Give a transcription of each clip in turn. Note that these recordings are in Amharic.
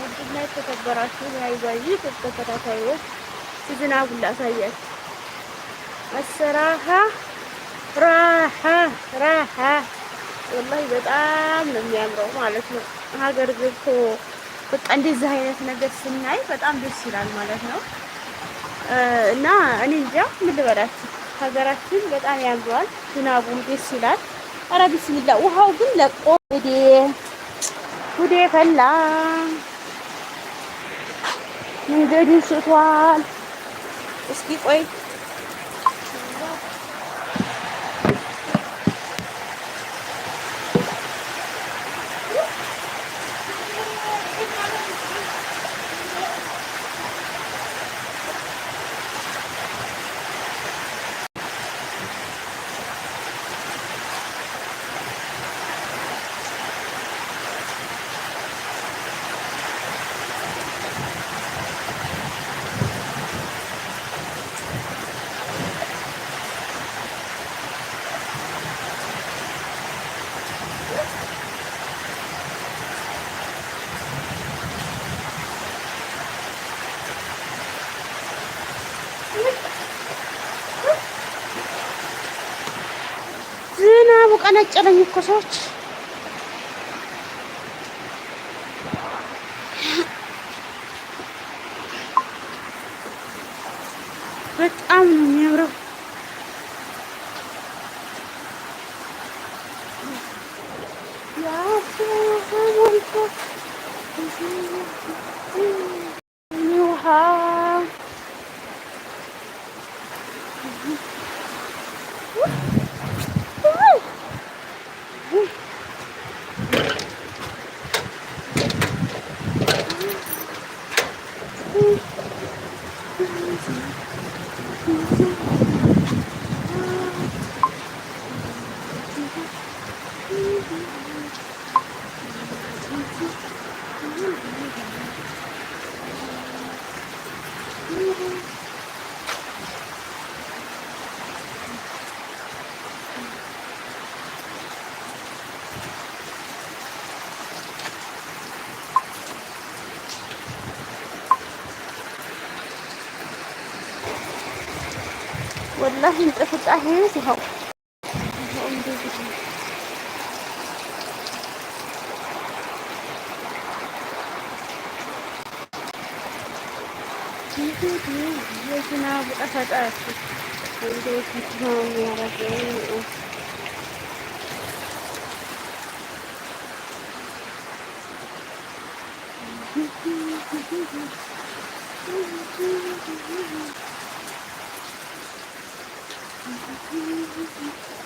ውድና የተከበራችሁ የአይባዥ ተከታታዮች ዝናቡን ላሳያችሁ። አሰራሀ ራሀ ራሀ ወላሂ በጣም ነው የሚያምረው ማለት ነው። ሀገር ገብቶ በቃ እንደዚህ አይነት ነገር ስናይ በጣም ደስ ይላል ማለት ነው። እና እኔ እንጃ ምን ልበላችሁ፣ ሀገራችን በጣም ያምረዋል። ዝናቡም ደስ ይላል። ኧረ ቢስሚላ ውሃው ግን ለቆ ወዴ ወዴ ፈላ Hindi, this is one. Skip, oy. አነጨረኝ እኮ ሰዎች ወላሂ እንጥፍጣ ህይወት ይኸው የዝናቡ ጠፈጠፍ እንዴት ነው የሚያደርገው? Thank you.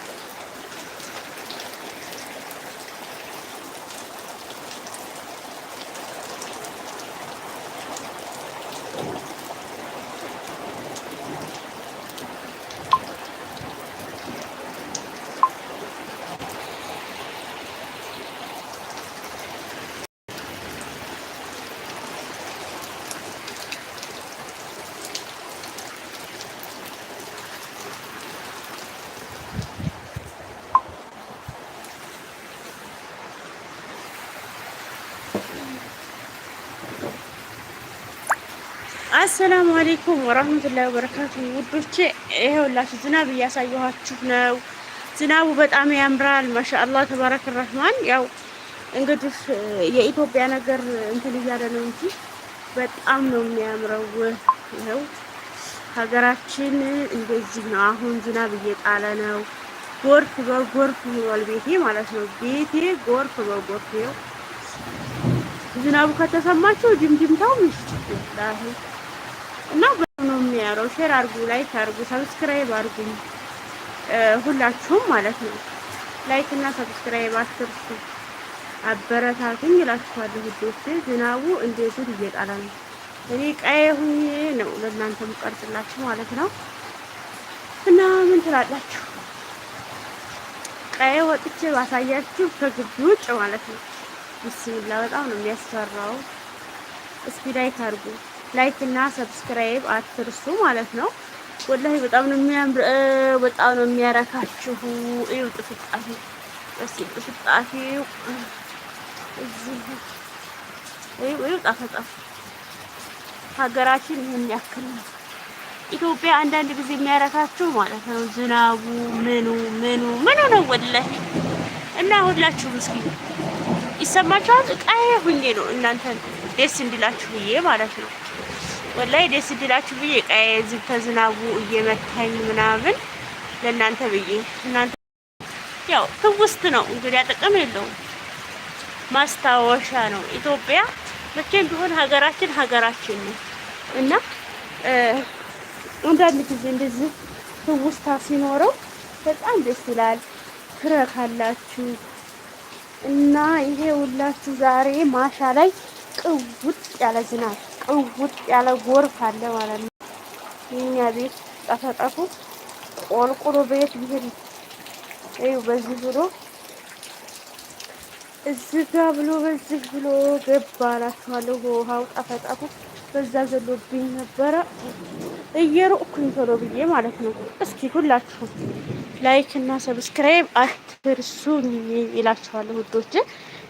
አሰላሙ አሌይኩም ወራህመቱላሂ ወበረካቱ ውዶቼ፣ ይሄውላችሁ ዝናብ እያሳየኋችሁ ነው። ዝናቡ በጣም ያምራል። ማሻአላህ ተባረከ ረህማን። ያው እንግዲህ የኢትዮጵያ ነገር እንትን እያለ ነው እንጂ በጣም ነው የሚያምረው። ይኸው ሀገራችን እንደዚህ ነው። አሁን ዝናብ እየጣለ ነው። ጎርፍ በጎርፍ ሆኗል ቤቴ ማለት ነው። ቤቴ ጎርፍ በጎርፍ ይኸው ዝናቡ ከተሰማቸው ድምድምታው ምሽት እና በጣም ነው የሚያረው። ሼር አርጉ፣ ላይክ አርጉ፣ ሰብስክራይብ አርጉ ሁላችሁም ማለት ነው። ላይክ እና ሰብስክራይብ አትርሱ፣ አበረታቱኝ እላችኋለሁ። ህዶች ዝናቡ እንዴት ጉድ እየጣለ ነው። እኔ ቀዬ ሁኜ ነው ለእናንተ የምቀርጽላችሁ ማለት ነው። እና ምን ትላላችሁ? ቀዬ ወጥቼ ባሳያችሁ ከግቢ ውጭ ማለት ነው። ብስሚላ በጣም ነው የሚያስፈራው። እስኪ ላይክ አድርጉ። ላይክ እና ሰብስክራይብ አትርሱ ማለት ነው። ወላሂ በጣም ነው የሚያምር በጣም ነው የሚያረካችሁ። እዩ ጥፍጣፊ እሺ፣ ጥፍጣፊ እዚህ እዩ ጣፋጣፍ ሀገራችን ይሄን ያክል ነው። ኢትዮጵያ አንዳንድ ጊዜ የሚያረካችሁ ማለት ነው ዝናቡ ምኑ ምኑ ምኑ ነው ወላሂ እና ሁላችሁ እስኪ ይሰማችኋል። ቃዬ ሁኜ ነው እናንተን ደስ እንዲላችሁ ብዬ ማለት ነው። ወላይ ደስ ይላችሁ ብዬ ቃዬ ተዝናቡ እየመታኝ ምናምን ለእናንተ ብዬ እናንተ ያው ትውስት ነው እንግዲህ ጥቅም የለውም ማስታወሻ ነው። ኢትዮጵያ መቼም ቢሆን ሀገራችን ሀገራችን ነው እና አንዳንድ ጊዜ እንደዚህ ትውስታ ሲኖረው በጣም ደስ ይላል። ትረካላችሁ እና ይሄ ሁላችሁ ዛሬ ማሻ ላይ ቅውጥ ያለ ዝናብ ውጥ ያለ ጎርፍ አለ ማለት ነው። የኛ ቤት ጠፈጠፉ ቆልቆሎ ቤት ቢሄድ ይኸው በዚህ ብሎ እዚህ ጋ ብሎ በዚህ ብሎ ገባ እላችኋለሁ። በውሃው ጠፈጠፉ በዛ ዘሎብኝ ነበረ እየሮቅኩኝ ቶሎ ብዬ ማለት ነው። እስኪ ሁላችሁም ላይክ እና ሰብስክራይብ አትርሱኝ ይላችኋለሁ ውዶችን።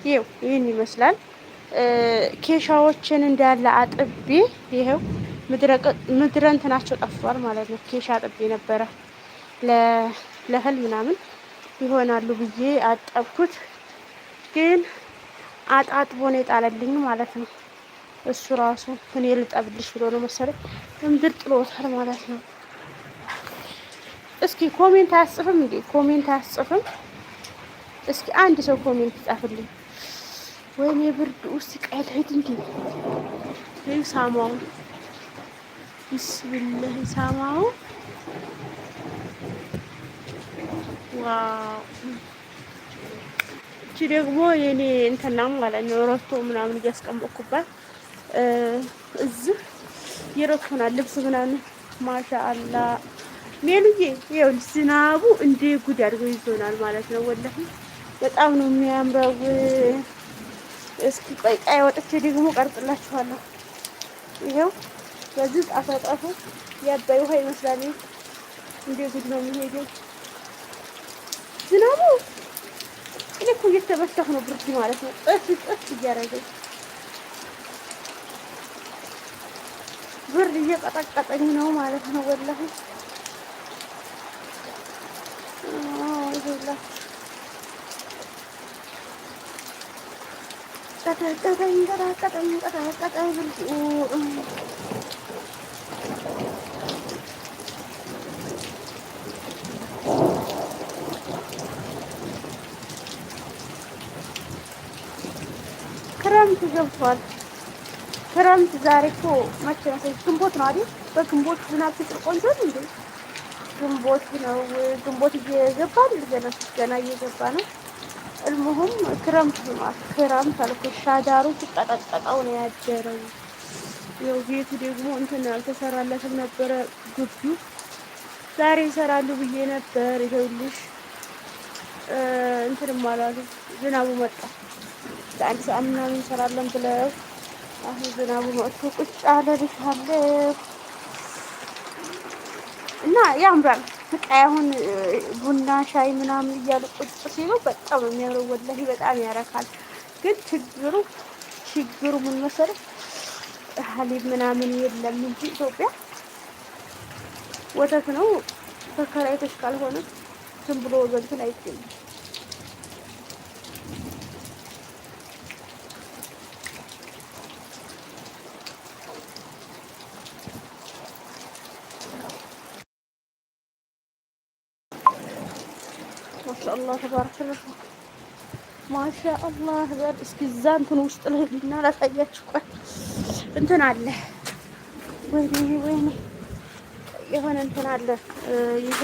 ይኸው ይህን ይመስላል። ኬሻዎችን እንዳለ አጥቤ ይኸው ምድረ እንትናቸው ጠፍቷል ማለት ነው። ኬሻ አጥቤ ነበረ ለእህል ምናምን ይሆናሉ ብዬ አጠብኩት፣ ግን አጣጥቦ ነው የጣለልኝ ማለት ነው። እሱ ራሱ እኔ ልጠብልሽ ብሎ ነው መሰለኝ እምድር ጥሎታል ማለት ነው። እስኪ ኮሜንት አያስጽፍም እንዴ? ኮሜንት አያስጽፍም? እስኪ አንድ ሰው ኮሜንት ይጻፍልኝ። ወይም የብርድ ውስጥ ቃል ሄድ እንዴ ይህ ሳማው ብስብላህ ሳማው ዋው እቺ ደግሞ የኔ እንትና ማለት ነው። ሮቶ ምናምን እያስቀመጥኩባት እዚህ የሮቶና ልብስ ምናምን ማሻአላ ሜሉዬ ይኸው ዝናቡ እንደ ጉድ አድርጎ ይዞናል ማለት ነው። ወላሂ በጣም ነው የሚያምረው። እስኪ ቆይ ቃይ ወጥቼ ደግሞ ቀርጽላችኋለሁ። ይኸው በዚህ ጣፋጣፉ የአባይ ውሃ ይመስላል። እንደ ጉድ ነው የሚሄደው ዝናቡ። እኔ እኮ እየተመታሁ ነው ብርድ ማለት ነው። ጥፍ ጥፍ እያደረገኝ ብርድ እየቀጠቀጠኝ ነው ማለት ነው። ወላሂ ይሄላ አንቀጠቀጠ እንቀጠቀጠ እንቀጠቀጠ ብልጡ ክረምት ገብቷል። ክረምት ዛሬ እኮ መቼ ነው? ግንቦት ነው አይደል? በግንቦት ዝናብ ፍጥር ቆንጆ እንዴ! ግንቦት ነው። ግንቦት እየገባ ገና ገና እየገባ ነው። እልሙሁም ክረምት ሆኗል። ክረምት አልኩሽ አዳሩ ሲቀጠቀጠው ነው ያደረው። ያው ቤቱ ደግሞ እንትን አልተሰራለትም ነበረ ግቢው። ዛሬ ይሰራሉ ብዬ ነበር። ይኸውልሽ እንትን አላሉ ዝናቡ መጣ። ለአንድ ሰዓት ምናምን እንሰራለን ብለው አሁን ዝናቡ መጥቶ ቁጭ አለ ልሻለሁ እና ያምራል በቃ አሁን ቡና ሻይ ምናምን እያሉ ቁጭ ሲሉ በጣም የሚያምረው ወላሂ በጣም ያረካል። ግን ችግሩ ችግሩ ምን መሰለህ ሀሊብ ምናምን የለም እንጂ ኢትዮጵያ ወተት ነው ተከራይተሽ ካልሆነ ዝም ብሎ በእንትን አይገኝም። አላሁ ተባረከ ማሻአላህ። ዛሬ እስኪ እዛ እንትን ውስጥ ልሂድና ላሳያችሁ። ቆይ እንትን አለ ወይኔ ወይኔ የሆነ እንትን አለ ይሄ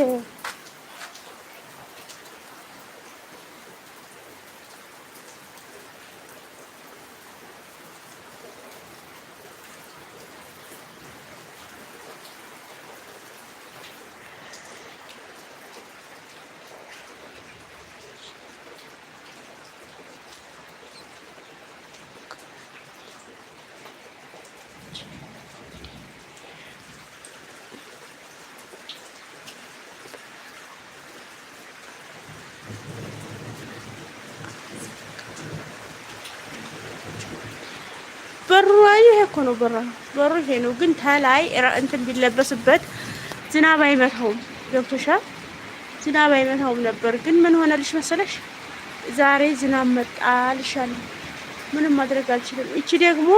በሩ ይሄ እኮ ነው። በራ በሩ ይሄ ነው። ግን ተላይ እንትን ቢለበስበት ዝናብ አይመታውም። ገብቶሻል? ዝናብ አይመታውም ነበር። ግን ምን ሆነልሽ መሰለሽ? ዛሬ ዝናብ መጣልሻለሁ። ምንም ማድረግ አልችልም። እቺ ደግሞ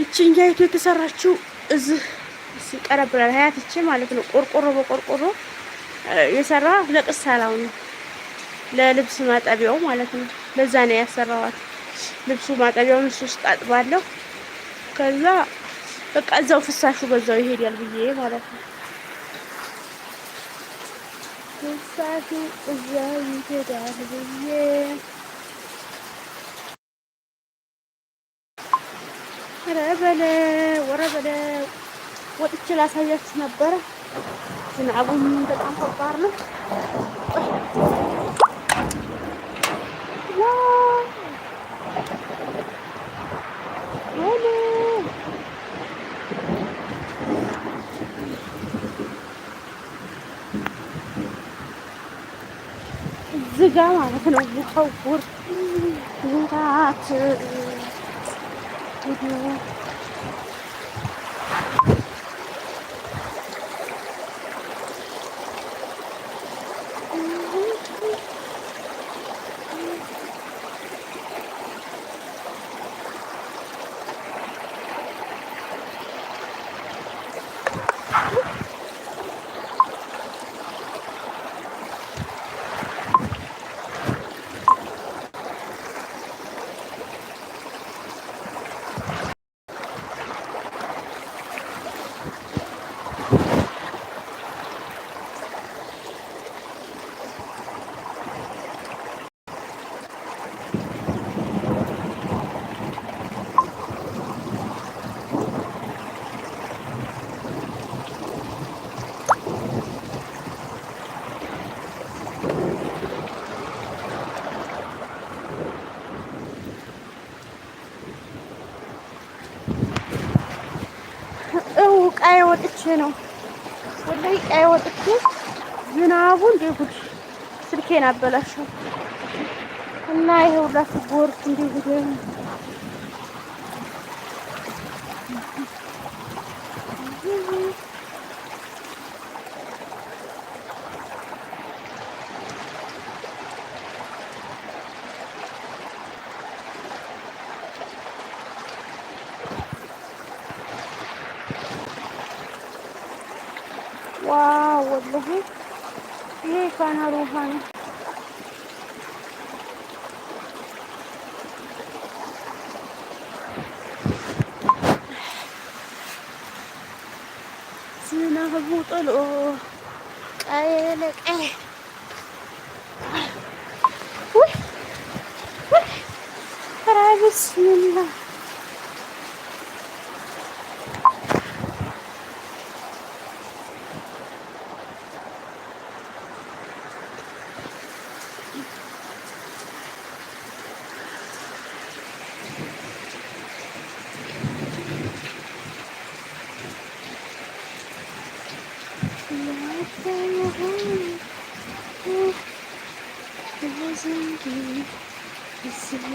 ይቺኛይቱ የተሰራችው እዚህ ቀረብ ሀያት እቺ ማለት ነው። ቆርቆሮ በቆርቆሮ የሰራ ለቅሳላው ነው፣ ለልብስ ማጠቢያው ማለት ነው። ለዛ ነው ያሰራዋት። ልብሱ ማጠቢያውን እሱ ውስጥ አጥባለሁ። ከዛ በቃ እዛው ፍሳሹ በዛው ይሄዳል ብዬ ማለት ነው። ፍሳሹ እዛ ይሄዳል ብዬ ረበለ ወረበለ ወጥቼ ላሳያችሁ ነበረ። ዝናቡን በጣም ከባድ ነው። ስጋ ማለት ነው። ይፈውር ይራት ነው ወላሂ ቀይ ወጥቼ ዝናቡ እንደ ስልኬን እና ይሄ ጎርፍ ዝናቡ ጠልኦ ቀየለ ቀየ ራብስምላ Спасибо.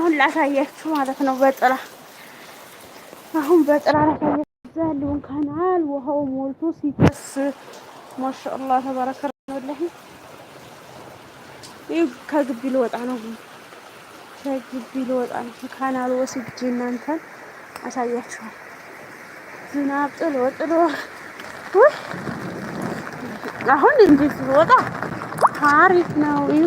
አሁን ላሳያችሁ ማለት ነው። በጥራ አሁን በጥራ ላሳያችሁ። ያለውን ካናል ውሃው ሞልቶ ሲፈስ ማሻአላ ተባረከ ወላሂ። ይህ ከግቢ ልወጣ ነው፣ ከግቢ ልወጣ ነው። ካናሉ ወስጄ እናንተን አሳያችኋል። ዝናብ ጥሎ ጥሎ አሁን እንዴት ልወጣ አሪፍ ነው ይሁ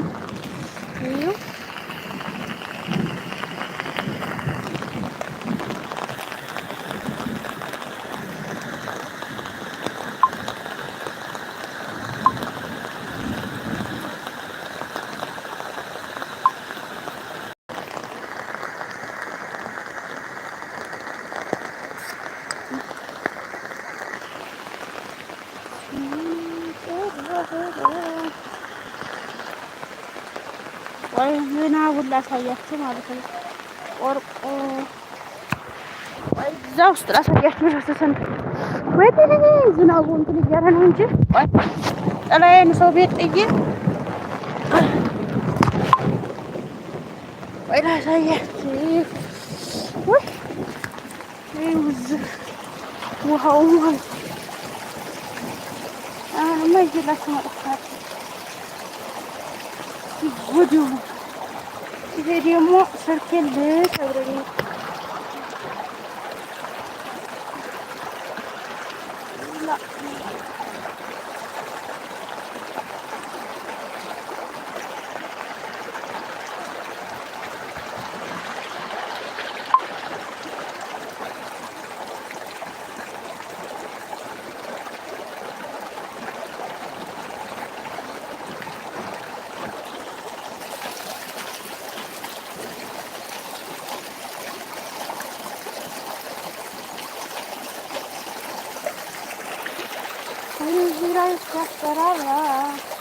ላሳያችሁ ማለት ነው። ቆርቆ እዛ ውስጥ ላሳያችሁ ረሰሰን ወይ ዝናቡ እንትን እያለ ነው እንጂ ጥላዬን ሰው ቤት ጥዬ ወይ ላሳያችሁ ወይ ውሃው ማለት ነው። እማ ይዤላችሁ መጥፋት Deberíamos hacer que el neve Çok zarar var.